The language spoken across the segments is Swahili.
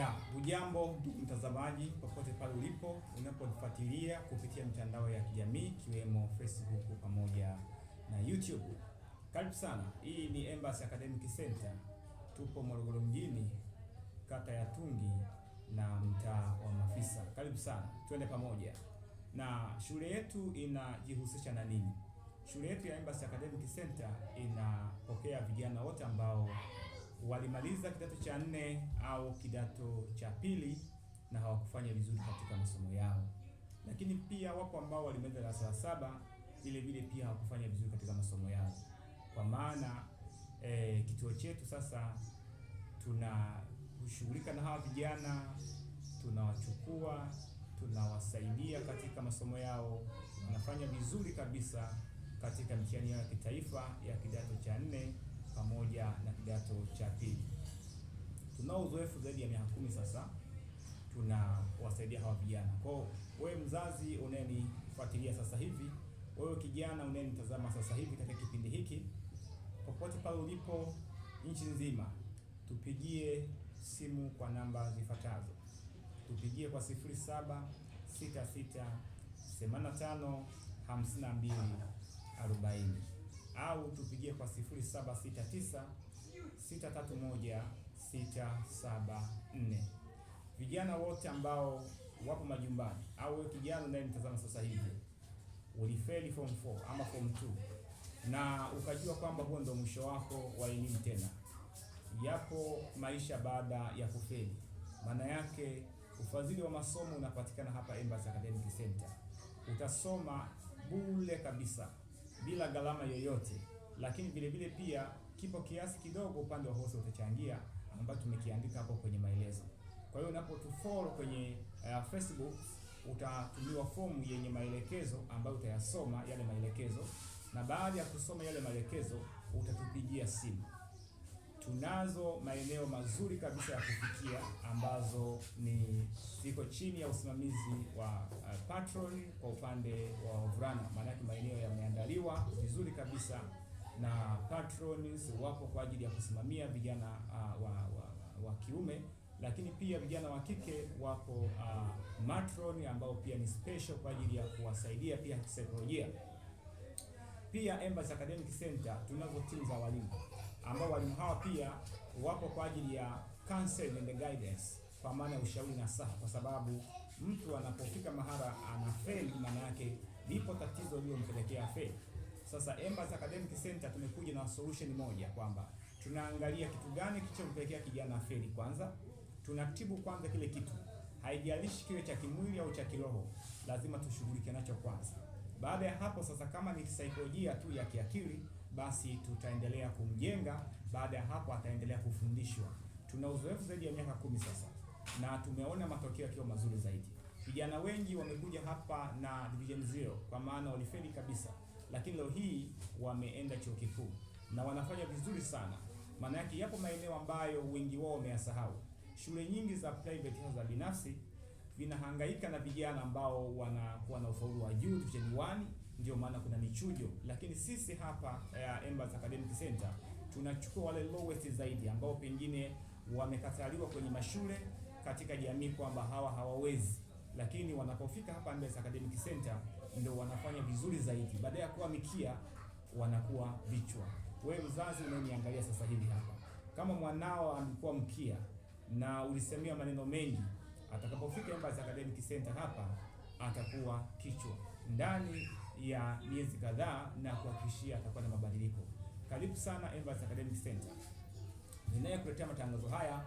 Ya, hujambo ndugu mtazamaji popote pale ulipo unaponifuatilia kupitia mitandao ya kijamii ikiwemo Facebook pamoja na YouTube. Karibu sana. Hii ni Embassy Academic Center. Tupo Morogoro mjini, kata ya Tungi na mtaa wa Mafisa. Karibu sana. Twende pamoja. Na shule yetu inajihusisha na nini? Shule yetu ya Embassy Academic Center inapokea vijana wote ambao walimaliza kidato cha nne au kidato cha pili na hawakufanya vizuri katika masomo yao, lakini pia wapo ambao walimaliza darasa la saba vile vile pia hawakufanya vizuri katika masomo yao. Kwa maana e, kituo chetu sasa tunashughulika na hawa vijana, tunawachukua tunawasaidia katika masomo yao, wanafanya vizuri kabisa katika mtihani yao ya kitaifa ya kidato cha nne pamoja na kidato cha pili. Tunao uzoefu zaidi ya miaka kumi sasa tunawasaidia hawa vijana. Kwa hiyo wewe mzazi unayenifuatilia sasa hivi, wewe kijana unayenitazama sasa hivi katika kipindi hiki, popote pale ulipo nchi nzima, tupigie simu kwa namba zifuatazo. Tupigie kwa 0766 85 52 40 au tupigie kwa 0769 631 674. Vijana wote ambao wapo majumbani au wewe kijana unayenitazama sasa hivi ulifeli form 4 ama form 2 na ukajua kwamba huo ndio mwisho wako wa elimu, tena yapo maisha baada ya kufeli. Maana yake ufadhili wa masomo unapatikana hapa Embassy Academic Center, utasoma bule kabisa bila gharama yoyote, lakini vile vile pia kipo kiasi kidogo upande wa hosi utachangia, ambacho tumekiandika hapo kwenye maelezo. Kwa hiyo unapotufollow kwenye uh, Facebook utatumiwa fomu yenye maelekezo ambayo utayasoma yale maelekezo, na baada ya kusoma yale maelekezo utatupigia simu tunazo maeneo mazuri kabisa ya kufikia ambazo ni ziko chini ya usimamizi wa uh, patron kwa upande wa wavulana. Maanake maeneo yameandaliwa vizuri kabisa na patrons wapo kwa ajili ya kusimamia vijana uh, wa, wa, wa kiume, lakini pia vijana wa kike wapo uh, matron ambao pia ni special kwa ajili ya kuwasaidia pia kisaikolojia. Pia Embassy Academic Center tunazo timu za walimu ambao walimu hawa pia wapo kwa ajili ya counseling and guidance, kwa maana ya ushauri na saha, kwa sababu mtu anapofika mahala ana feli, maana yake lipo tatizo lilompelekea feli. Sasa Embassy Academic Center tumekuja na solution moja kwamba tunaangalia kitu gani kilichompelekea kijana feli. Kwanza tunatibu kwanza kile kitu, haijalishi kile cha kimwili au cha kiroho, lazima tushughulike nacho kwanza. Baada ya hapo sasa, kama ni saikolojia tu ya kiakili basi tutaendelea kumjenga. Baada ya hapo, ataendelea kufundishwa. Tuna uzoefu zaidi ya miaka kumi sasa, na tumeona matokeo yakiwa mazuri zaidi. Vijana wengi wamekuja hapa na division zero, kwa maana walifeli kabisa, lakini leo hii wameenda chuo kikuu na wanafanya vizuri sana. Maana yake yapo maeneo ambayo wengi wao wameyasahau. Shule nyingi za private za binafsi vinahangaika na vijana ambao wanakuwa na ufaulu wa juu division 1 ndio maana kuna michujo, lakini sisi hapa uh, Embassy Academic Center tunachukua wale lowest zaidi ambao pengine wamekataliwa kwenye mashule katika jamii kwamba hawa hawawezi, lakini wanapofika hapa Embassy Academic Center ndio wanafanya vizuri zaidi. Baada ya kuwa mikia wanakuwa vichwa. Wewe mzazi unaniangalia sasa hivi hapa, kama mwanao amekuwa mkia na ulisemia maneno mengi, atakapofika Embassy Academic Center hapa atakuwa kichwa ndani ya miezi kadhaa na kuhakikishia atakuwa na mabadiliko. Karibu sana Embassy Academic Center. Ninayekuletea matangazo haya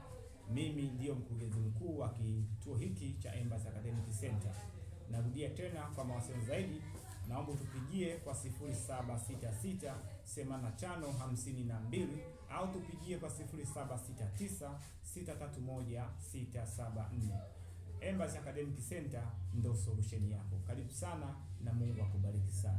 mimi ndiyo mkurugenzi mkuu wa kituo hiki cha Embassy Academic Center. Narudia tena, kwa mawasiliano zaidi naomba tupigie kwa 0766 au tupigie kwa 0769631674. Embassy Academic Center ndio solution yako. Karibu sana na Mungu akubariki sana.